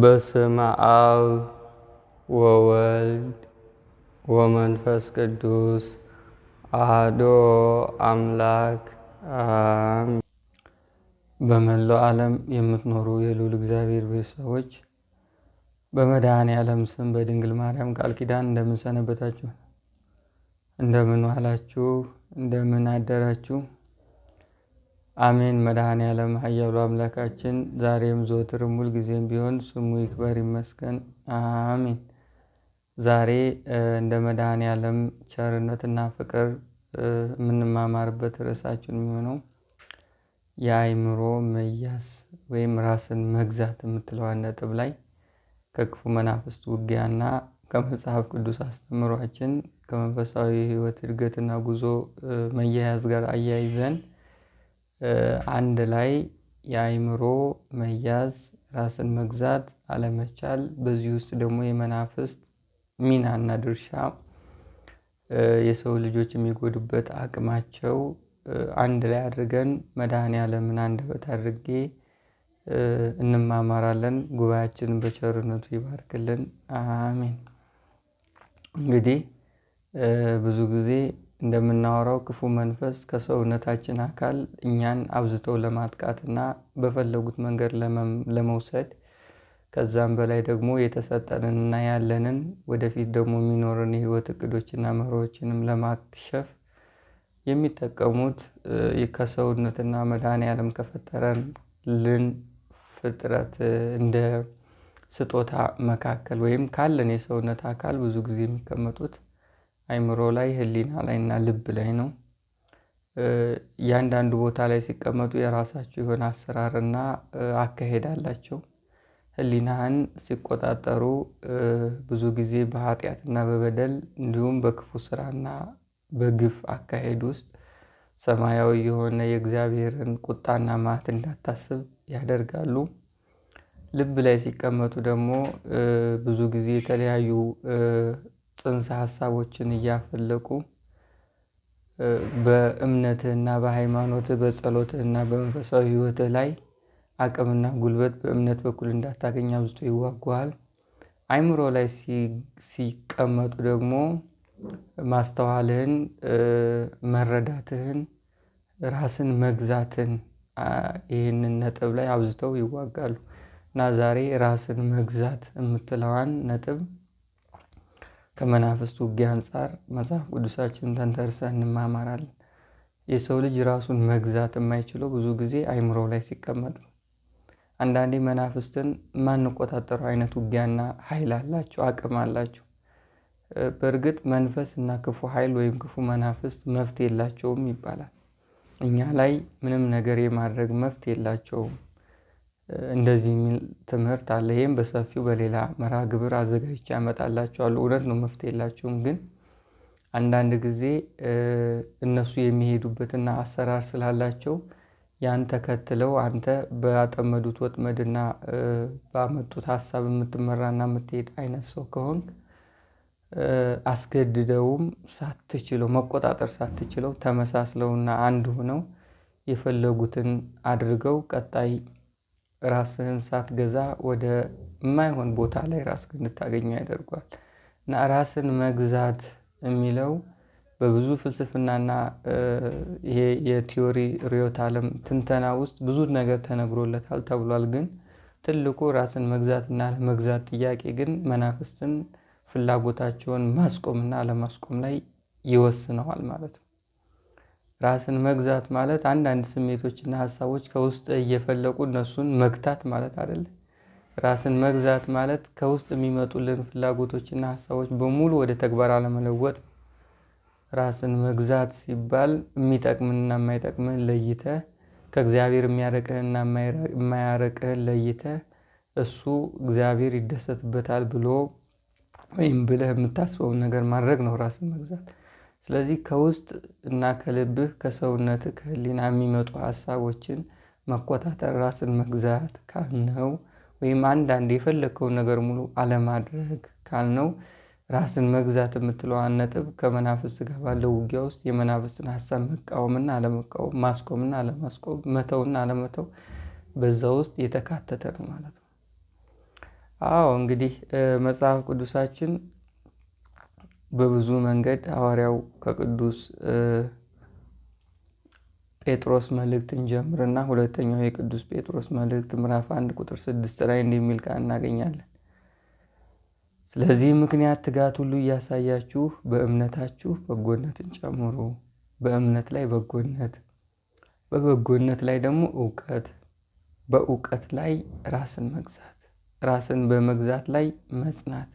በስመ አብ ወወልድ ወመንፈስ ቅዱስ አሐዱ አምላክ አሜን። በመላው ዓለም የምትኖሩ የልዑል እግዚአብሔር ቤተሰቦች በመድኃኔ ዓለም ስም በድንግል ማርያም ቃል ኪዳን እንደምን ሰነበታችሁ? እንደምን ዋላችሁ? እንደምን አደራችሁ? አሜን። መድኃኔ ዓለም ኃያሉ አምላካችን ዛሬም ዘወትርም ሁልጊዜም ቢሆን ስሙ ይክበር ይመስገን። አሜን። ዛሬ እንደ መድኃኔ ዓለም ቸርነትና ፍቅር የምንማማርበት ርዕሳችን የሚሆነው የአእምሮ መያዝ ወይም ራስን መግዛት የምትለዋን ነጥብ ላይ ከክፉ መናፍስት ውጊያና ከመጽሐፍ ቅዱስ አስተምሯችን ከመንፈሳዊ ሕይወት እድገትና ጉዞ መያያዝ ጋር አያይዘን አንድ ላይ የአይምሮ መያዝ ራስን መግዛት አለመቻል በዚህ ውስጥ ደግሞ የመናፍስት ሚናና ድርሻ የሰው ልጆች የሚጎዱበት አቅማቸው አንድ ላይ አድርገን መድኃኔዓለምን አንደበት አድርጌ እንማማራለን። ጉባኤያችንን በቸርነቱ ይባርክልን፣ አሜን። እንግዲህ ብዙ ጊዜ እንደምናወራው ክፉ መንፈስ ከሰውነታችን አካል እኛን አብዝተው ለማጥቃትና በፈለጉት መንገድ ለመውሰድ ከዛም በላይ ደግሞ የተሰጠንንና ያለንን ወደፊት ደግሞ የሚኖርን የህይወት እቅዶችና መርሆችንም ለማክሸፍ የሚጠቀሙት ከሰውነትና መድኃኔዓለም ከፈጠረን ልን ፍጥረት እንደ ስጦታ መካከል ወይም ካለን የሰውነት አካል ብዙ ጊዜ የሚቀመጡት አይምሮ ላይ ህሊና ላይ እና ልብ ላይ ነው። እያንዳንዱ ቦታ ላይ ሲቀመጡ የራሳቸው የሆነ አሰራርና አካሄድ አላቸው። ህሊናህን ሲቆጣጠሩ ብዙ ጊዜ በኃጢአትና በበደል እንዲሁም በክፉ ስራና በግፍ አካሄድ ውስጥ ሰማያዊ የሆነ የእግዚአብሔርን ቁጣና ማት እንዳታስብ ያደርጋሉ። ልብ ላይ ሲቀመጡ ደግሞ ብዙ ጊዜ የተለያዩ ጽንሰ ሀሳቦችን እያፈለቁ በእምነትህና በሃይማኖትህ በጸሎትህና በመንፈሳዊ ህይወትህ ላይ አቅምና ጉልበት በእምነት በኩል እንዳታገኝ አብዝቶ ይዋጉሃል። አይምሮ ላይ ሲቀመጡ ደግሞ ማስተዋልህን፣ መረዳትህን፣ ራስን መግዛትን ይህንን ነጥብ ላይ አብዝተው ይዋጋሉ እና ዛሬ ራስን መግዛት የምትለዋን ነጥብ ከመናፍስት ውጊያ አንጻር መጽሐፍ ቅዱሳችን ተንተርሰን እንማማራለን። የሰው ልጅ ራሱን መግዛት የማይችለው ብዙ ጊዜ አይምሮ ላይ ሲቀመጥ ነው። አንዳንዴ መናፍስትን ማንቆጣጠረው አይነት ውጊያና ኃይል አላቸው፣ አቅም አላቸው። በእርግጥ መንፈስ እና ክፉ ኃይል ወይም ክፉ መናፍስት መፍት የላቸውም ይባላል። እኛ ላይ ምንም ነገር የማድረግ መፍት የላቸውም። እንደዚህ የሚል ትምህርት አለ። ይህም በሰፊው በሌላ መርሃ ግብር አዘጋጅቼ አመጣላችኋለሁ። እውነት ነው መፍትሄ የላቸውም፣ ግን አንዳንድ ጊዜ እነሱ የሚሄዱበትና አሰራር ስላላቸው ያን ተከትለው አንተ ባጠመዱት ወጥመድና ባመጡት ሀሳብ የምትመራና የምትሄድ አይነት ሰው ከሆንክ አስገድደውም ሳትችለው መቆጣጠር ሳትችለው ተመሳስለውና አንድ ሆነው የፈለጉትን አድርገው ቀጣይ ራስህን ሳትገዛ ወደ የማይሆን ቦታ ላይ ራስ እንድታገኝ ያደርጓል። እና ራስን መግዛት የሚለው በብዙ ፍልስፍናና ይሄ የቲዮሪ ርዕዮተ ዓለም ትንተና ውስጥ ብዙ ነገር ተነግሮለታል ተብሏል። ግን ትልቁ ራስን መግዛትና ለመግዛት ጥያቄ ግን መናፍስትን ፍላጎታቸውን ማስቆምና አለማስቆም ላይ ይወስነዋል ማለት ነው። ራስን መግዛት ማለት አንዳንድ ስሜቶችና ሀሳቦች ከውስጥ እየፈለቁ እነሱን መግታት ማለት አይደለም። ራስን መግዛት ማለት ከውስጥ የሚመጡልን ፍላጎቶችና ሀሳቦች በሙሉ ወደ ተግባር አለመለወጥ ራስን መግዛት ሲባል የሚጠቅምንና የማይጠቅምን ለይተ ከእግዚአብሔር የሚያረቅህና የማያረቅህን ለይተ እሱ እግዚአብሔር ይደሰትበታል ብሎ ወይም ብለህ የምታስበውን ነገር ማድረግ ነው ራስን መግዛት። ስለዚህ ከውስጥ እና ከልብህ ከሰውነትህ ከህሊና የሚመጡ ሀሳቦችን መቆጣጠር፣ ራስን መግዛት ካልነው ወይም አንዳንድ የፈለግከውን ነገር ሙሉ አለማድረግ ካልነው ራስን መግዛት የምትለዋን ነጥብ ከመናፍስ ጋር ባለው ውጊያ ውስጥ የመናፍስን ሀሳብ መቃወምና አለመቃወም፣ ማስቆምና አለማስቆም፣ መተውና አለመተው በዛ ውስጥ የተካተተ ነው ማለት ነው። አዎ እንግዲህ መጽሐፍ ቅዱሳችን በብዙ መንገድ ሐዋርያው ከቅዱስ ጴጥሮስ መልእክት እንጀምርና ሁለተኛው የቅዱስ ጴጥሮስ መልእክት ምዕራፍ አንድ ቁጥር ስድስት ላይ እንደሚል ቃል እናገኛለን። ስለዚህ ምክንያት ትጋት ሁሉ እያሳያችሁ በእምነታችሁ በጎነትን ጨምሩ፣ በእምነት ላይ በጎነት፣ በበጎነት ላይ ደግሞ እውቀት፣ በእውቀት ላይ ራስን መግዛት፣ ራስን በመግዛት ላይ መጽናት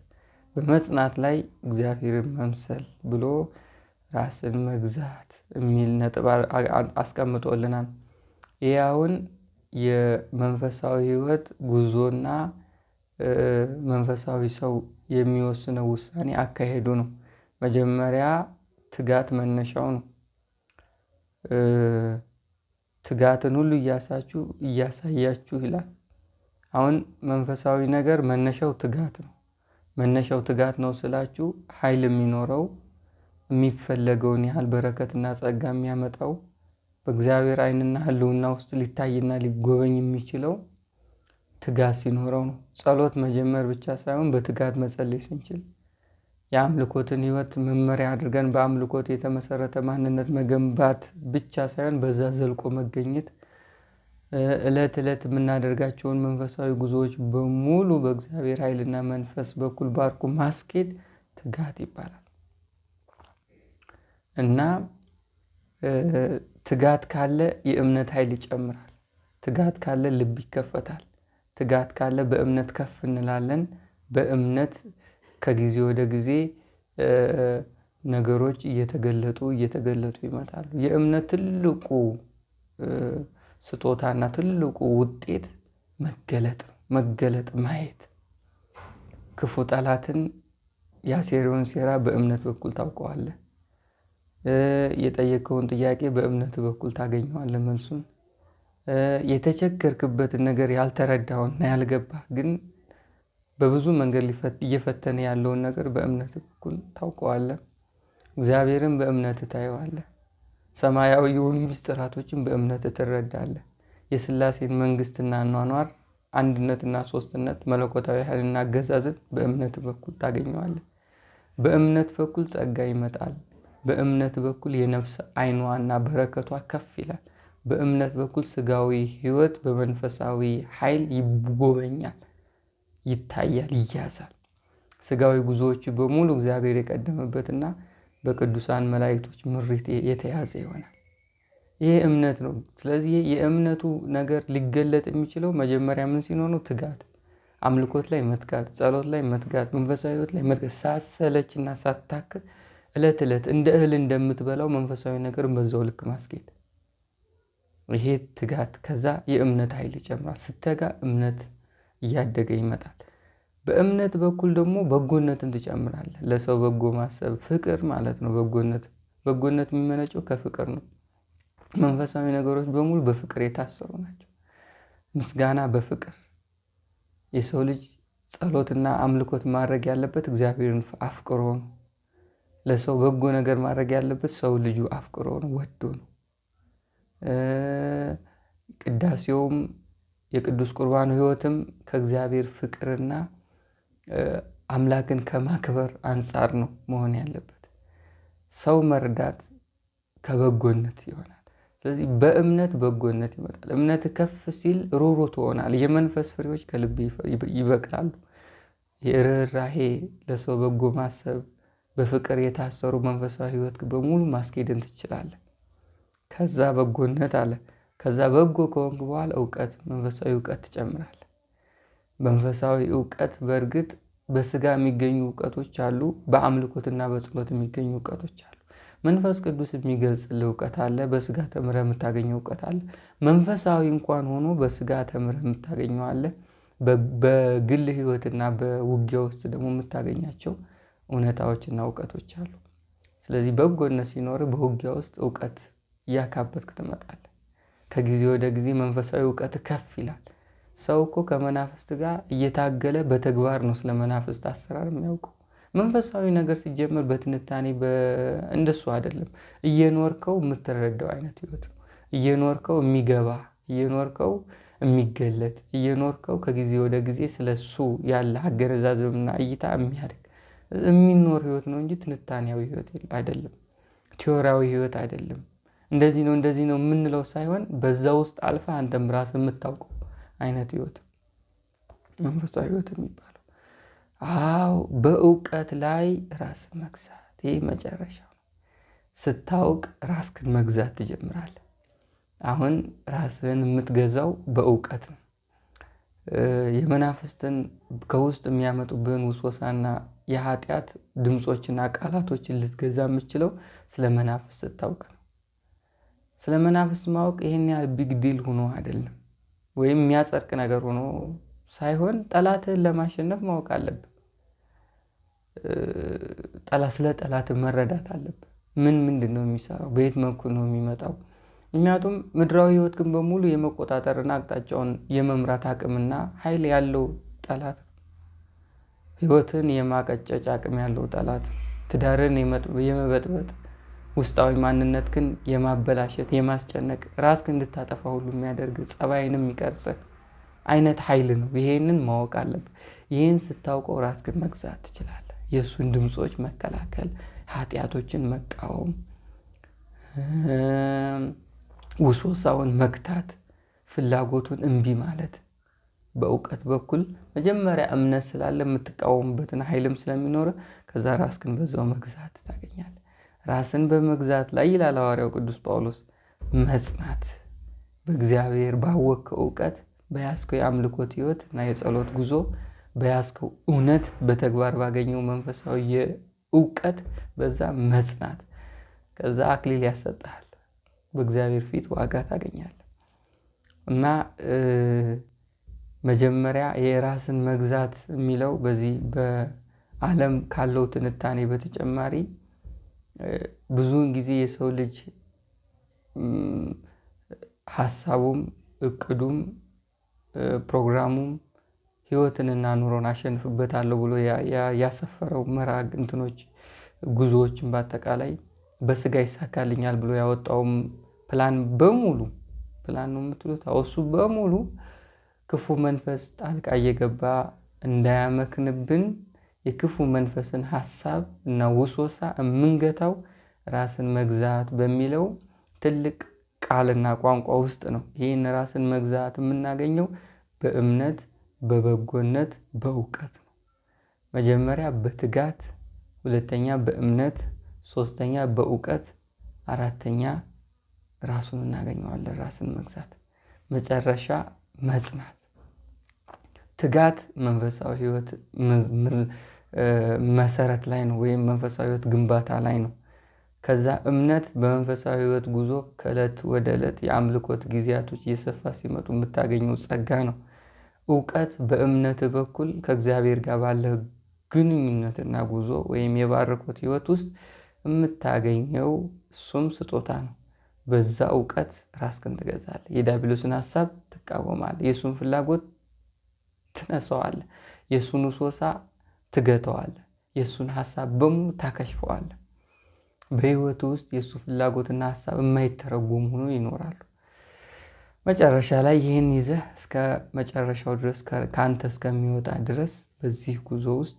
በመጽናት ላይ እግዚአብሔርን መምሰል ብሎ ራስን መግዛት የሚል ነጥብ አስቀምጦልናል። ይህ የመንፈሳዊ ህይወት ጉዞና መንፈሳዊ ሰው የሚወስነው ውሳኔ አካሄዱ ነው። መጀመሪያ ትጋት መነሻው ነው። ትጋትን ሁሉ እያሳችሁ እያሳያችሁ ይላል። አሁን መንፈሳዊ ነገር መነሻው ትጋት ነው። መነሻው ትጋት ነው ስላችሁ ኃይል የሚኖረው የሚፈለገውን ያህል በረከትና ጸጋ የሚያመጣው በእግዚአብሔር ዓይንና ሕልውና ውስጥ ሊታይና ሊጎበኝ የሚችለው ትጋት ሲኖረው ነው። ጸሎት መጀመር ብቻ ሳይሆን በትጋት መጸለይ ስንችል የአምልኮትን ሕይወት መመሪያ አድርገን በአምልኮት የተመሰረተ ማንነት መገንባት ብቻ ሳይሆን በዛ ዘልቆ መገኘት እለት እለት የምናደርጋቸውን መንፈሳዊ ጉዞዎች በሙሉ በእግዚአብሔር ኃይልና መንፈስ በኩል ባርኩ ማስኬድ ትጋት ይባላል እና ትጋት ካለ የእምነት ኃይል ይጨምራል። ትጋት ካለ ልብ ይከፈታል። ትጋት ካለ በእምነት ከፍ እንላለን። በእምነት ከጊዜ ወደ ጊዜ ነገሮች እየተገለጡ እየተገለጡ ይመጣሉ። የእምነት ትልቁ ስጦታና ትልቁ ውጤት መገለጥ መገለጥ ማየት ክፉ ጠላትን የአሴሪውን ሴራ በእምነት በኩል ታውቀዋለህ። የጠየቀውን ጥያቄ በእምነት በኩል ታገኘዋለህ መልሱን። የተቸገርክበትን ነገር ያልተረዳውና ያልገባ ግን በብዙ መንገድ እየፈተነ ያለውን ነገር በእምነት በኩል ታውቀዋለህ። እግዚአብሔርን በእምነት ታየዋለህ። ሰማያዊ የሆኑ ምስጢራቶችን በእምነት ትረዳለህ። የስላሴን መንግስትና ኗኗር አንድነትና ሶስትነት መለኮታዊ ኃይልና አገዛዝን በእምነት በኩል ታገኘዋለህ። በእምነት በኩል ጸጋ ይመጣል። በእምነት በኩል የነፍስ አይኗና በረከቷ ከፍ ይላል። በእምነት በኩል ስጋዊ ህይወት በመንፈሳዊ ኃይል ይጎበኛል፣ ይታያል፣ ይያዛል። ስጋዊ ጉዞዎች በሙሉ እግዚአብሔር የቀደመበትና በቅዱሳን መላእክቶች ምሪት የተያዘ ይሆናል። ይህ እምነት ነው። ስለዚህ የእምነቱ ነገር ሊገለጥ የሚችለው መጀመሪያ ምን ሲኖር ነው? ትጋት፣ አምልኮት ላይ መትጋት፣ ጸሎት ላይ መትጋት፣ መንፈሳዊ ህይወት ላይ መትጋት፣ ሳሰለችና ሳታክል እለት እለት እንደ እህል እንደምትበላው መንፈሳዊ ነገር በዛው ልክ ማስጌጥ። ይሄ ትጋት። ከዛ የእምነት ኃይል ይጨምራል። ስተጋ እምነት እያደገ ይመጣል። በእምነት በኩል ደግሞ በጎነትን ትጨምራለህ ለሰው በጎ ማሰብ ፍቅር ማለት ነው። በጎነት በጎነት የሚመነጨው ከፍቅር ነው። መንፈሳዊ ነገሮች በሙሉ በፍቅር የታሰሩ ናቸው። ምስጋና በፍቅር የሰው ልጅ ጸሎትና አምልኮት ማድረግ ያለበት እግዚአብሔርን አፍቅሮ ነው። ለሰው በጎ ነገር ማድረግ ያለበት ሰው ልጁ አፍቅሮ ነው ወዶ ነው። ቅዳሴውም የቅዱስ ቁርባኑ ህይወትም ከእግዚአብሔር ፍቅርና አምላክን ከማክበር አንጻር ነው መሆን ያለበት። ሰው መርዳት ከበጎነት ይሆናል። ስለዚህ በእምነት በጎነት ይመጣል። እምነት ከፍ ሲል ሩሩ ትሆናል። የመንፈስ ፍሬዎች ከልብ ይበቅላሉ። የርኅራሄ፣ ለሰው በጎ ማሰብ፣ በፍቅር የታሰሩ መንፈሳዊ ሕይወት በሙሉ ማስኬድን ትችላለ። ከዛ በጎነት አለ። ከዛ በጎ ከሆንክ በኋላ እውቀት፣ መንፈሳዊ እውቀት ትጨምራል። መንፈሳዊ እውቀት በእርግጥ በስጋ የሚገኙ እውቀቶች አሉ፣ በአምልኮትና በጸሎት የሚገኙ እውቀቶች አሉ። መንፈስ ቅዱስ የሚገልጽልህ እውቀት አለ፣ በስጋ ተምረ የምታገኘው እውቀት አለ። መንፈሳዊ እንኳን ሆኖ በስጋ ተምረ የምታገኘው አለ። በግል ህይወትና በውጊያ ውስጥ ደግሞ የምታገኛቸው እውነታዎችና እውቀቶች አሉ። ስለዚህ በጎነት ሲኖር በውጊያ ውስጥ እውቀት እያካበትክ ትመጣለህ። ከጊዜ ወደ ጊዜ መንፈሳዊ እውቀት ከፍ ይላል። ሰው እኮ ከመናፍስት ጋር እየታገለ በተግባር ነው ስለ መናፍስት አሰራር የሚያውቀው። መንፈሳዊ ነገር ሲጀምር በትንታኔ እንደሱ አይደለም። እየኖርከው የምትረዳው አይነት ህይወት ነው። እየኖርከው የሚገባ እየኖርከው የሚገለጥ እየኖርከው ከጊዜ ወደ ጊዜ ስለሱ ያለ አገነዛዘብና እይታ የሚያድግ የሚኖር ህይወት ነው እንጂ ትንታኔያዊ ህይወት አይደለም። ቲዮሪያዊ ህይወት አይደለም። እንደዚህ ነው እንደዚህ ነው የምንለው ሳይሆን በዛ ውስጥ አልፈ አንተም ራስ የምታውቀው አይነት ህይወት መንፈሳዊ ህይወት የሚባለው። አዎ በእውቀት ላይ ራስን መግዛት፣ ይህ መጨረሻው ነው። ስታውቅ ራስክን መግዛት ትጀምራለህ። አሁን ራስህን የምትገዛው በእውቀት ነው። የመናፍስትን ከውስጥ የሚያመጡብህን ውስወሳና የኃጢአት ድምፆችና ቃላቶችን ልትገዛ የምትችለው ስለ መናፍስ ስታውቅ ነው። ስለ መናፍስ ማወቅ ይህን ያህል ቢግ ዲል ሆኖ አይደለም። ወይም የሚያጸድቅ ነገር ሆኖ ሳይሆን ጠላትህን ለማሸነፍ ማወቅ አለብህ። ጠላት ስለ ጠላት መረዳት አለብህ። ምን ምንድን ነው የሚሰራው? በየት በኩል ነው የሚመጣው? ምክንያቱም ምድራዊ ህይወት ግን በሙሉ የመቆጣጠርና አቅጣጫውን የመምራት አቅምና ኃይል ያለው ጠላት ህይወትን የማቀጨጭ አቅም ያለው ጠላት፣ ትዳርን የመበጥበጥ ውስጣዊ ማንነት ግን የማበላሸት የማስጨነቅ ራስክ እንድታጠፋ ሁሉ የሚያደርግ ጸባይን የሚቀርጽ አይነት ኃይል ነው። ይሄንን ማወቅ አለብ። ይህን ስታውቀው ራስክን መግዛት ትችላለህ። የእሱን ድምፆች መከላከል፣ ኃጢአቶችን መቃወም፣ ውስወሳውን መግታት፣ ፍላጎቱን እምቢ ማለት በእውቀት በኩል መጀመሪያ እምነት ስላለ የምትቃወምበትን ኃይልም ስለሚኖረ ከዛ ራስክን በዛው መግዛት ታገኛለህ። ራስን በመግዛት ላይ ይላል ሐዋርያው ቅዱስ ጳውሎስ መጽናት በእግዚአብሔር ባወቅከው እውቀት በያዝከው የአምልኮት ህይወት እና የጸሎት ጉዞ በያዝከው እውነት በተግባር ባገኘው መንፈሳዊ የእውቀት በዛ መጽናት ከዛ አክሊል ያሰጠሃል በእግዚአብሔር ፊት ዋጋ ታገኛል። እና መጀመሪያ የራስን መግዛት የሚለው በዚህ በዓለም ካለው ትንታኔ በተጨማሪ ብዙውን ጊዜ የሰው ልጅ ሀሳቡም እቅዱም ፕሮግራሙም ህይወትንና ኑሮን አሸንፍበታለሁ ብሎ ያሰፈረው መራግ እንትኖች ጉዞዎችን በአጠቃላይ በስጋ ይሳካልኛል ብሎ ያወጣውም ፕላን በሙሉ ፕላን ነው የምትሉት እሱ በሙሉ ክፉ መንፈስ ጣልቃ እየገባ እንዳያመክንብን የክፉ መንፈስን ሀሳብ እና ውስወሳ የምንገታው ራስን መግዛት በሚለው ትልቅ ቃልና ቋንቋ ውስጥ ነው። ይህን ራስን መግዛት የምናገኘው በእምነት፣ በበጎነት፣ በእውቀት ነው። መጀመሪያ በትጋት፣ ሁለተኛ በእምነት፣ ሶስተኛ በእውቀት፣ አራተኛ ራሱን እናገኘዋለን። ራስን መግዛት መጨረሻ መጽናት ትጋት መንፈሳዊ ህይወት መሰረት ላይ ነው ወይም መንፈሳዊ ህይወት ግንባታ ላይ ነው። ከዛ እምነት በመንፈሳዊ ህይወት ጉዞ ከእለት ወደ እለት የአምልኮት ጊዜያቶች እየሰፋ ሲመጡ የምታገኘው ጸጋ ነው። እውቀት በእምነት በኩል ከእግዚአብሔር ጋር ባለ ግንኙነትና ጉዞ ወይም የባረኮት ህይወት ውስጥ የምታገኘው እሱም ስጦታ ነው። በዛ እውቀት ራስክን ትገዛል የዳቢሎስን ሀሳብ ትቃወማለህ። የእሱን ፍላጎት ትነሰዋለ። የእሱን ውስወሳ ትገተዋለህ። የእሱን ሀሳብ በሙሉ ታከሽፈዋለህ። በህይወቱ ውስጥ የእሱ ፍላጎትና ሀሳብ የማይተረጎም ሆኖ ይኖራሉ። መጨረሻ ላይ ይህን ይዘህ እስከ መጨረሻው ድረስ ከአንተ እስከሚወጣ ድረስ በዚህ ጉዞ ውስጥ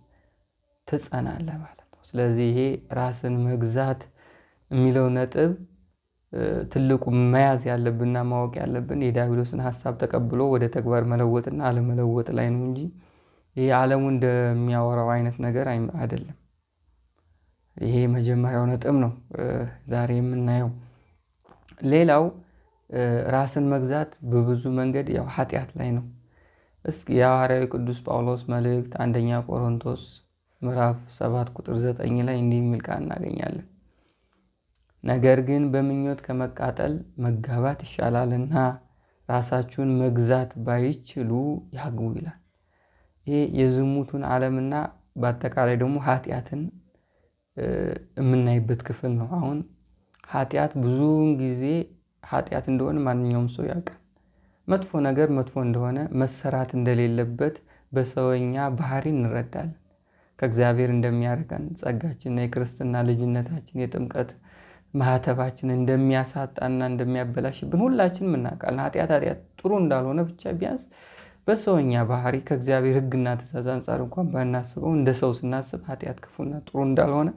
ትጸናለህ ማለት ነው። ስለዚህ ይሄ ራስን መግዛት የሚለው ነጥብ ትልቁ መያዝ ያለብንና ማወቅ ያለብን የዲያብሎስን ሀሳብ ተቀብሎ ወደ ተግባር መለወጥና አለመለወጥ ላይ ነው እንጂ ይሄ ዓለሙ እንደሚያወራው አይነት ነገር አይደለም። ይሄ መጀመሪያው ነጥብ ነው ዛሬ የምናየው። ሌላው ራስን መግዛት በብዙ መንገድ ያው ኃጢአት ላይ ነው። እስኪ የሐዋርያዊ ቅዱስ ጳውሎስ መልእክት አንደኛ ቆሮንቶስ ምዕራፍ 7 ቁጥር 9 ላይ እንዲህ የሚል ቃል እናገኛለን። ነገር ግን በምኞት ከመቃጠል መጋባት ይሻላልና ራሳችሁን መግዛት ባይችሉ ያግቡ ይላል። ይሄ የዝሙቱን ዓለምና በአጠቃላይ ደግሞ ኃጢአትን የምናይበት ክፍል ነው። አሁን ኃጢአት ብዙውን ጊዜ ኃጢአት እንደሆነ ማንኛውም ሰው ያውቃል። መጥፎ ነገር መጥፎ እንደሆነ መሰራት እንደሌለበት በሰውኛ ባህሪ እንረዳለን። ከእግዚአብሔር እንደሚያርቀን ጸጋችንና የክርስትና ልጅነታችን የጥምቀት ማህተባችን እንደሚያሳጣና እንደሚያበላሽብን ሁላችንም እናውቃለን። ኃጢአት ኃጢአት ጥሩ እንዳልሆነ ብቻ ቢያንስ በሰውኛ ባህሪ ከእግዚአብሔር ሕግና ትእዛዝ አንጻር እንኳን ባናስበው እንደ ሰው ስናስብ ኃጢአት ክፉና ጥሩ እንዳልሆነ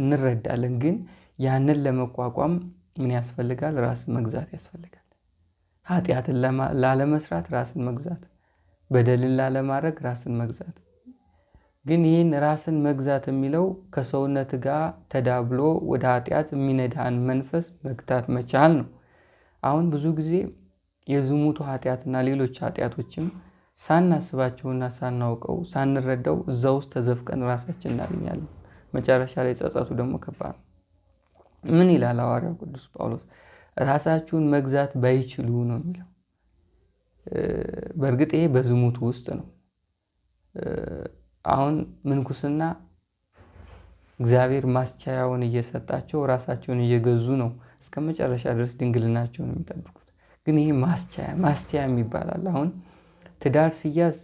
እንረዳለን። ግን ያንን ለመቋቋም ምን ያስፈልጋል? ራስን መግዛት ያስፈልጋል። ኃጢአትን ላለመስራት ራስን መግዛት፣ በደልን ላለማድረግ ራስን መግዛት። ግን ይህን ራስን መግዛት የሚለው ከሰውነት ጋር ተዳብሎ ወደ ኃጢአት የሚነዳን መንፈስ መግታት መቻል ነው። አሁን ብዙ ጊዜ የዝሙቱ ኃጢአትና ሌሎች ኃጢአቶችም ሳናስባቸውና ሳናውቀው ሳንረዳው እዛ ውስጥ ተዘፍቀን ራሳችን እናገኛለን። መጨረሻ ላይ ጸጸቱ ደግሞ ከባድ ነው። ምን ይላል ሐዋርያው ቅዱስ ጳውሎስ? ራሳችሁን መግዛት ባይችሉ ነው የሚለው። በእርግጥ ይሄ በዝሙት ውስጥ ነው። አሁን ምንኩስና እግዚአብሔር ማስቻያውን እየሰጣቸው ራሳቸውን እየገዙ ነው እስከ መጨረሻ ድረስ ድንግልናቸውን የሚጠብቁት። ግን ይሄ ማስቻያ ማስቻያ የሚባላል አሁን ትዳር ሲያዝ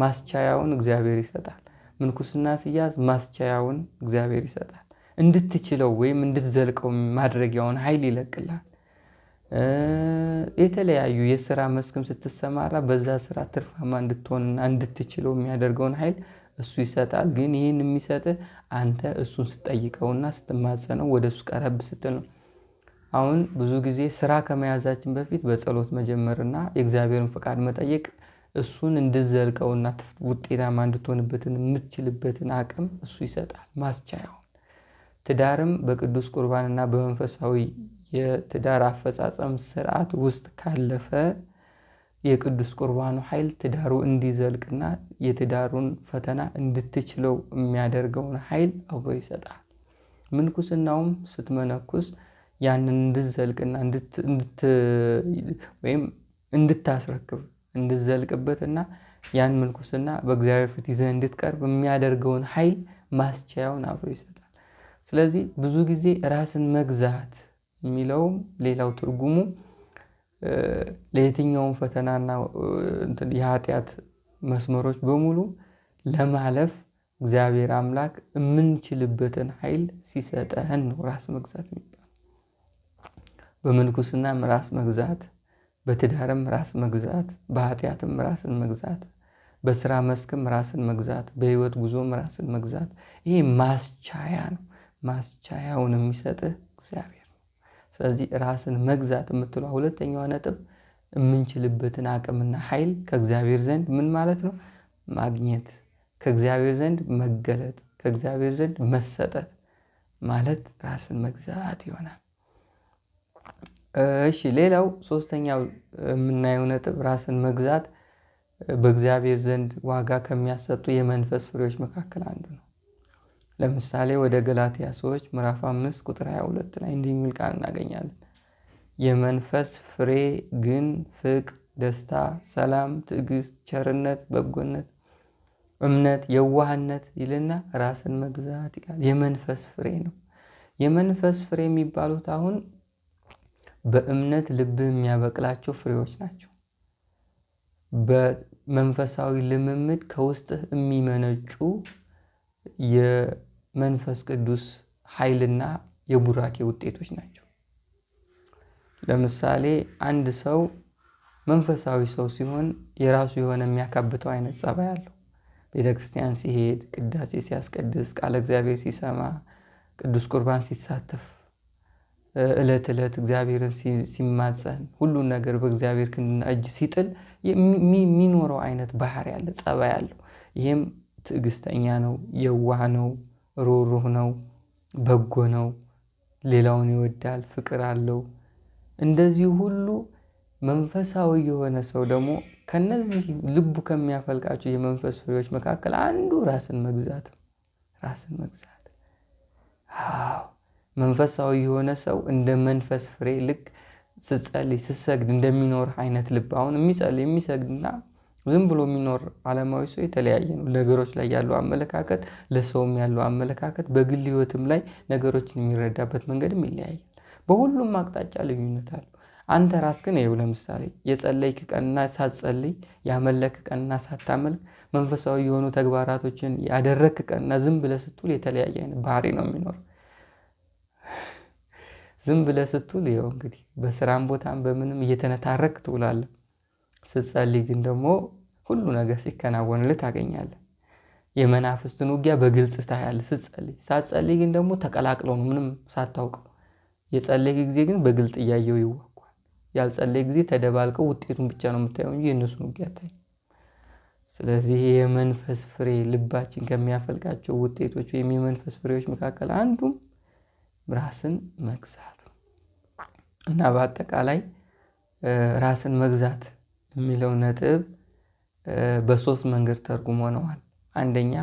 ማስቻያውን እግዚአብሔር ይሰጣል። ምንኩስና ሲያዝ ማስቻያውን እግዚአብሔር ይሰጣል። እንድትችለው ወይም እንድትዘልቀው ማድረጊያውን ኃይል ይለቅላል። የተለያዩ የስራ መስክም ስትሰማራ በዛ ስራ ትርፋማ እንድትሆንና እንድትችለው የሚያደርገውን ኃይል እሱ ይሰጣል። ግን ይህን የሚሰጥ አንተ እሱን ስትጠይቀውና ስትማጸነው ወደ እሱ ቀረብ ስትል ነው። አሁን ብዙ ጊዜ ስራ ከመያዛችን በፊት በጸሎት መጀመርና የእግዚአብሔርን ፈቃድ መጠየቅ እሱን እንድዘልቀውና ውጤታማ እንድትሆንበትን የምትችልበትን አቅም እሱ ይሰጣል ማስቻያውን። ትዳርም በቅዱስ ቁርባንና በመንፈሳዊ የትዳር አፈጻጸም ስርዓት ውስጥ ካለፈ የቅዱስ ቁርባኑ ኃይል ትዳሩ እንዲዘልቅና የትዳሩን ፈተና እንድትችለው የሚያደርገውን ኃይል አብሮ ይሰጣል። ምንኩስናውም ስትመነኩስ ያንን እንድትዘልቅና ወይም እንድታስረክብ እንድትዘልቅበትና ያን ምንኩስና በእግዚአብሔር ፊት ይዘህ እንድትቀርብ የሚያደርገውን ኃይል ማስቻያውን አብሮ ይሰጣል። ስለዚህ ብዙ ጊዜ ራስን መግዛት የሚለውም ሌላው ትርጉሙ ለየትኛውም ፈተናና የኃጢአት መስመሮች በሙሉ ለማለፍ እግዚአብሔር አምላክ የምንችልበትን ኃይል ሲሰጠህን ነው ራስ መግዛት የሚባል። በምንኩስናም ራስ መግዛት በትዳርም ራስ መግዛት፣ በኃጢአትም ራስን መግዛት፣ በስራ መስክም ራስን መግዛት፣ በህይወት ጉዞም ራስን መግዛት። ይሄ ማስቻያ ነው። ማስቻያውን የሚሰጥህ እግዚአብሔር ነው። ስለዚህ ራስን መግዛት የምትለው ሁለተኛዋ ነጥብ የምንችልበትን አቅምና ኃይል ከእግዚአብሔር ዘንድ ምን ማለት ነው ማግኘት፣ ከእግዚአብሔር ዘንድ መገለጥ፣ ከእግዚአብሔር ዘንድ መሰጠት ማለት ራስን መግዛት ይሆናል። እሺ ሌላው ሶስተኛው የምናየው ነጥብ ራስን መግዛት በእግዚአብሔር ዘንድ ዋጋ ከሚያሰጡ የመንፈስ ፍሬዎች መካከል አንዱ ነው። ለምሳሌ ወደ ገላትያ ሰዎች ምዕራፍ አምስት ቁጥር 22 ላይ እንዲህ የሚል ቃል እናገኛለን። የመንፈስ ፍሬ ግን ፍቅር፣ ደስታ፣ ሰላም፣ ትዕግስት፣ ቸርነት፣ በጎነት፣ እምነት፣ የዋህነት ይልና ራስን መግዛት ይላል። የመንፈስ ፍሬ ነው። የመንፈስ ፍሬ የሚባሉት አሁን በእምነት ልብህ የሚያበቅላቸው ፍሬዎች ናቸው። በመንፈሳዊ ልምምድ ከውስጥህ የሚመነጩ የመንፈስ ቅዱስ ኃይልና የቡራኬ ውጤቶች ናቸው። ለምሳሌ አንድ ሰው መንፈሳዊ ሰው ሲሆን የራሱ የሆነ የሚያካብተው አይነት ጸባይ አለው። ቤተ ክርስቲያን ሲሄድ፣ ቅዳሴ ሲያስቀድስ፣ ቃለ እግዚአብሔር ሲሰማ፣ ቅዱስ ቁርባን ሲሳተፍ እለት እለት እግዚአብሔርን ሲማጸን ሁሉን ነገር በእግዚአብሔር ክንድና እጅ ሲጥል የሚኖረው አይነት ባህሪ ያለ ጸባይ አለው። ይህም ትዕግስተኛ ነው፣ የዋህ ነው፣ ሩህሩህ ነው፣ በጎ ነው፣ ሌላውን ይወዳል፣ ፍቅር አለው። እንደዚህ ሁሉ መንፈሳዊ የሆነ ሰው ደግሞ ከነዚህ ልቡ ከሚያፈልቃቸው የመንፈስ ፍሬዎች መካከል አንዱ ራስን መግዛት ነው። ራስን መግዛት አዎ መንፈሳዊ የሆነ ሰው እንደ መንፈስ ፍሬ ልክ ስጸልይ ስትሰግድ እንደሚኖር አይነት ልብ አሁን የሚጸልይ የሚሰግድና ዝም ብሎ የሚኖር ዓለማዊ ሰው የተለያየ ነው። ነገሮች ላይ ያለው አመለካከት፣ ለሰውም ያለው አመለካከት፣ በግል ህይወትም ላይ ነገሮችን የሚረዳበት መንገድም ይለያያል። በሁሉም አቅጣጫ ልዩነት አለ አንተ ራስ ግን ይኸው ለምሳሌ የጸለይክ ቀንና ሳትጸልይ፣ ያመለክ ቀንና ሳታመልክ፣ መንፈሳዊ የሆኑ ተግባራቶችን ያደረክ ቀንና ዝም ብለህ ስትውል የተለያየ አይነት ባህሪ ነው የሚኖር ዝም ብለህ ስትውል ይኸው እንግዲህ በስራም ቦታም በምንም እየተነታረክ ትውላለህ። ስትጸልይ ግን ደግሞ ሁሉ ነገር ሲከናወንልህ ታገኛለህ። የመናፍስትን ውጊያ በግልጽ ታያለህ ስትጸልይ። ሳትጸልይ ግን ደግሞ ተቀላቅለው ነው ምንም ሳታውቀው። የጸለይ ጊዜ ግን በግልጽ እያየው ይዋጓል። ያልጸለይ ጊዜ ተደባልቀው ውጤቱን ብቻ ነው የምታየው እንጂ የእነሱን ውጊያ አታይም። ስለዚህ የመንፈስ ፍሬ ልባችን ከሚያፈልቃቸው ውጤቶች ወይም የመንፈስ ፍሬዎች መካከል አንዱም ራስን መግዛት እና በአጠቃላይ ራስን መግዛት የሚለው ነጥብ በሶስት መንገድ ተርጉሞ ነዋል። አንደኛ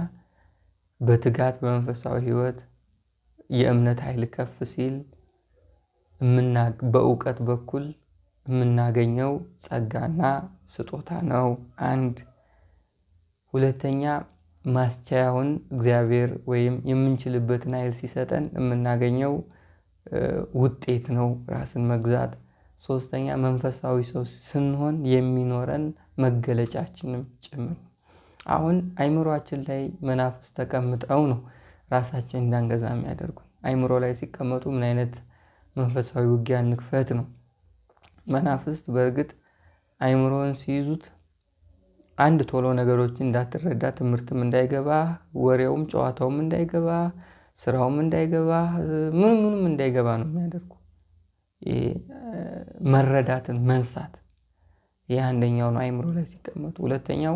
በትጋት በመንፈሳዊ ህይወት የእምነት ኃይል ከፍ ሲል በእውቀት በኩል የምናገኘው ጸጋና ስጦታ ነው። አንድ ሁለተኛ ማስቻያውን እግዚአብሔር ወይም የምንችልበትን ኃይል ሲሰጠን የምናገኘው ውጤት ነው ራስን መግዛት። ሶስተኛ መንፈሳዊ ሰው ስንሆን የሚኖረን መገለጫችንም ጭምር። አሁን አይምሯችን ላይ መናፍስ ተቀምጠው ነው ራሳችን እንዳንገዛ የሚያደርጉን። አይምሮ ላይ ሲቀመጡ ምን አይነት መንፈሳዊ ውጊያ ንክፈት ነው። መናፍስት በእርግጥ አይምሮን ሲይዙት አንድ ቶሎ ነገሮችን እንዳትረዳ፣ ትምህርትም እንዳይገባ፣ ወሬውም ጨዋታውም እንዳይገባ ስራውም እንዳይገባ ምን ምንም እንዳይገባ ነው የሚያደርጉ። መረዳትን መንሳት ይህ አንደኛው ነው። አይምሮ ላይ ሲቀመጡ ሁለተኛው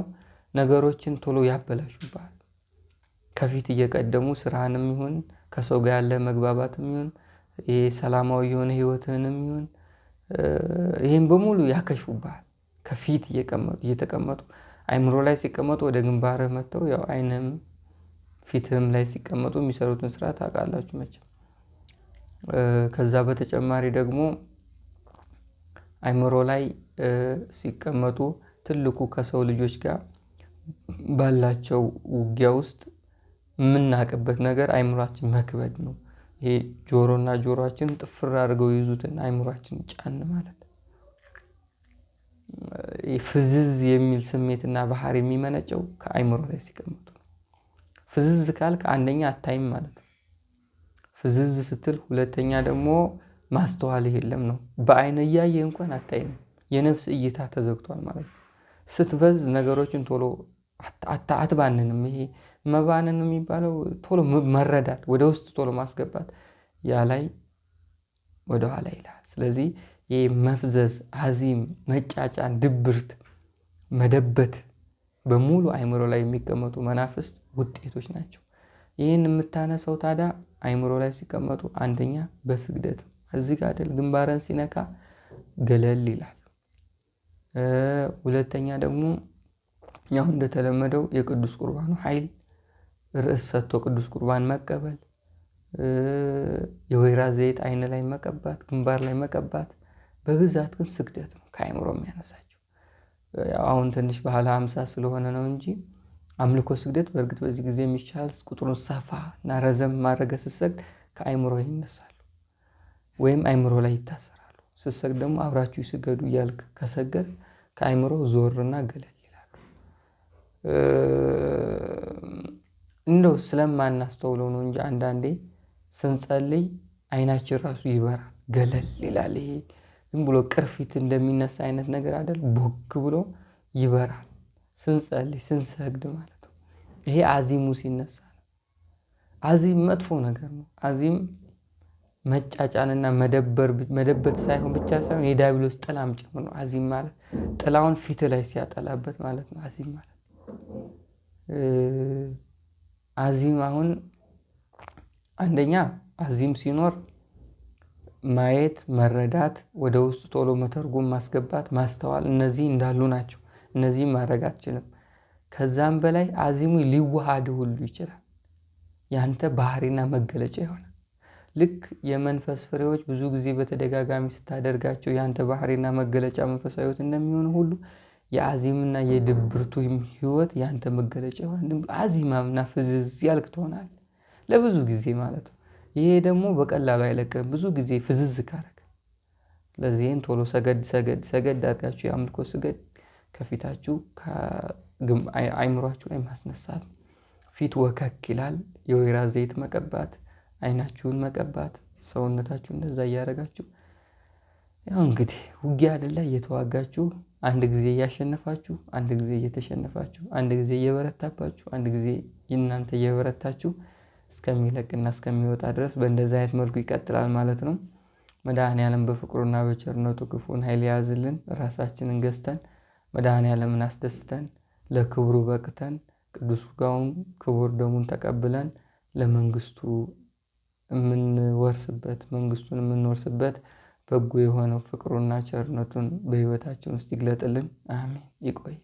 ነገሮችን ቶሎ ያበላሹባል ከፊት እየቀደሙ ስራህንም ይሁን ከሰው ጋር ያለ መግባባትም ይሁን ሰላማዊ የሆነ ህይወትህንም ይሁን ይህም በሙሉ ያከሹብሃል። ከፊት እየተቀመጡ አይምሮ ላይ ሲቀመጡ ወደ ግንባርህ መጥተው ያው አይንህም ፊትህም ላይ ሲቀመጡ የሚሰሩትን ስራ ታውቃላችሁ መቼም። ከዛ በተጨማሪ ደግሞ አይምሮ ላይ ሲቀመጡ ትልቁ ከሰው ልጆች ጋር ባላቸው ውጊያ ውስጥ የምናቅበት ነገር አይምሯችን መክበድ ነው። ይሄ ጆሮና ጆሮችን ጥፍር አድርገው ይዙትን አይምሯችን ጫን ማለት ፍዝዝ የሚል ስሜትና ባህር የሚመነጨው ከአይምሮ ላይ ሲቀመጡ ፍዝዝ ካልክ አንደኛ አታይም ማለት ነው። ፍዝዝ ስትል ሁለተኛ ደግሞ ማስተዋል የለም ነው። በአይን እያየ እንኳን አታይም። የነፍስ እይታ ተዘግቷል ማለት ነው። ስትበዝ ነገሮችን ቶሎ አትባንንም። ይሄ መባንን የሚባለው ቶሎ መረዳት፣ ወደ ውስጥ ቶሎ ማስገባት ያ ላይ ወደኋላ ይላል። ስለዚህ ይህ መፍዘዝ፣ አዚም፣ መጫጫን፣ ድብርት፣ መደበት በሙሉ አይምሮ ላይ የሚቀመጡ መናፍስት ውጤቶች ናቸው። ይህን የምታነሳው ታዲያ አይምሮ ላይ ሲቀመጡ አንደኛ በስግደት እዚህ ጋር አይደል ግንባርን ሲነካ ገለል ይላል። ሁለተኛ ደግሞ ያሁን እንደተለመደው የቅዱስ ቁርባኑ ኃይል ርዕስ ሰጥቶ ቅዱስ ቁርባን መቀበል፣ የወይራ ዘይት አይን ላይ መቀባት፣ ግንባር ላይ መቀባት። በብዛት ግን ስግደት ነው ከአይምሮ የሚያነሳቸው። አሁን ትንሽ ባህለ ሀምሳ ስለሆነ ነው እንጂ አምልኮ ስግደት በእርግጥ በዚህ ጊዜ የሚቻል ቁጥሩን ሰፋ እና ረዘም ማድረገ ስትሰግድ ከአይምሮ ይነሳሉ ወይም አይምሮ ላይ ይታሰራሉ። ስትሰግድ ደግሞ አብራችሁ ይስገዱ እያልክ ከሰገድ ከአይምሮ ዞርና ገለል ይላሉ። እንደው ስለማናስተውለው ነው እንጂ አንዳንዴ ስንጸልይ አይናችን ራሱ ይበራል፣ ገለል ይላል። ይሄ ዝም ብሎ ቅርፊት እንደሚነሳ አይነት ነገር አይደል? ቦግ ብሎ ይበራል። ስንጸልይ ስንሰግድ ማለት ነው። ይሄ አዚሙ ሲነሳ ነው። አዚም መጥፎ ነገር ነው። አዚም መጫጫንና መደበት ሳይሆን ብቻ ሳይሆን የዳቢሎስ ጥላም ጭምር ነው። አዚም ማለት ጥላውን ፊት ላይ ሲያጠላበት ማለት ነው። አዚም ማለት አዚም አሁን አንደኛ አዚም ሲኖር ማየት፣ መረዳት፣ ወደ ውስጥ ቶሎ መተርጎም፣ ማስገባት፣ ማስተዋል እነዚህ እንዳሉ ናቸው። እነዚህም ማድረግ አትችልም። ከዛም በላይ አዚሙ ሊዋሃድ ሁሉ ይችላል። ያንተ ባህሪና መገለጫ ይሆናል። ልክ የመንፈስ ፍሬዎች ብዙ ጊዜ በተደጋጋሚ ስታደርጋቸው ያንተ ባህሪና መገለጫ መንፈሳዊ እንደሚሆን ሁሉ የአዚምና የድብርቱ ህይወት ያንተ መገለጫ ይሆናል። አዚማምና ፍዝዝ ያልክ ትሆናል፣ ለብዙ ጊዜ ማለት ነው። ይሄ ደግሞ በቀላሉ አይለቅም፣ ብዙ ጊዜ ፍዝዝ ካረግ። ስለዚህም ቶሎ ሰገድ ሰገድ ሰገድ አድርጋችሁ የአምልኮ ስገድ ከፊታችሁ አይምሯችሁ ላይ ማስነሳት፣ ፊት ወከክ ይላል። የወይራ ዘይት መቀባት፣ አይናችሁን መቀባት፣ ሰውነታችሁ እንደዛ እያደረጋችሁ ያው እንግዲህ ውጊያ አደለ እየተዋጋችሁ አንድ ጊዜ እያሸነፋችሁ፣ አንድ ጊዜ እየተሸነፋችሁ፣ አንድ ጊዜ እየበረታባችሁ፣ አንድ ጊዜ እናንተ እየበረታችሁ እስከሚለቅና እስከሚወጣ ድረስ በእንደዚህ አይነት መልኩ ይቀጥላል ማለት ነው። መድኃኔ በፍቅሩና በቸርነቱ ክፉን ኃይል የያዝልን ራሳችንን ገዝተን ያለምን አስደስተን ለክብሩ በቅተን ቅዱስ ሥጋውን ክቡር ደሙን ተቀብለን ለመንግስቱ የምንወርስበት መንግስቱን የምንወርስበት በጎ የሆነው ፍቅሩና ቸርነቱን በሕይወታችን ውስጥ ይግለጥልን። አሜን። ይቆይ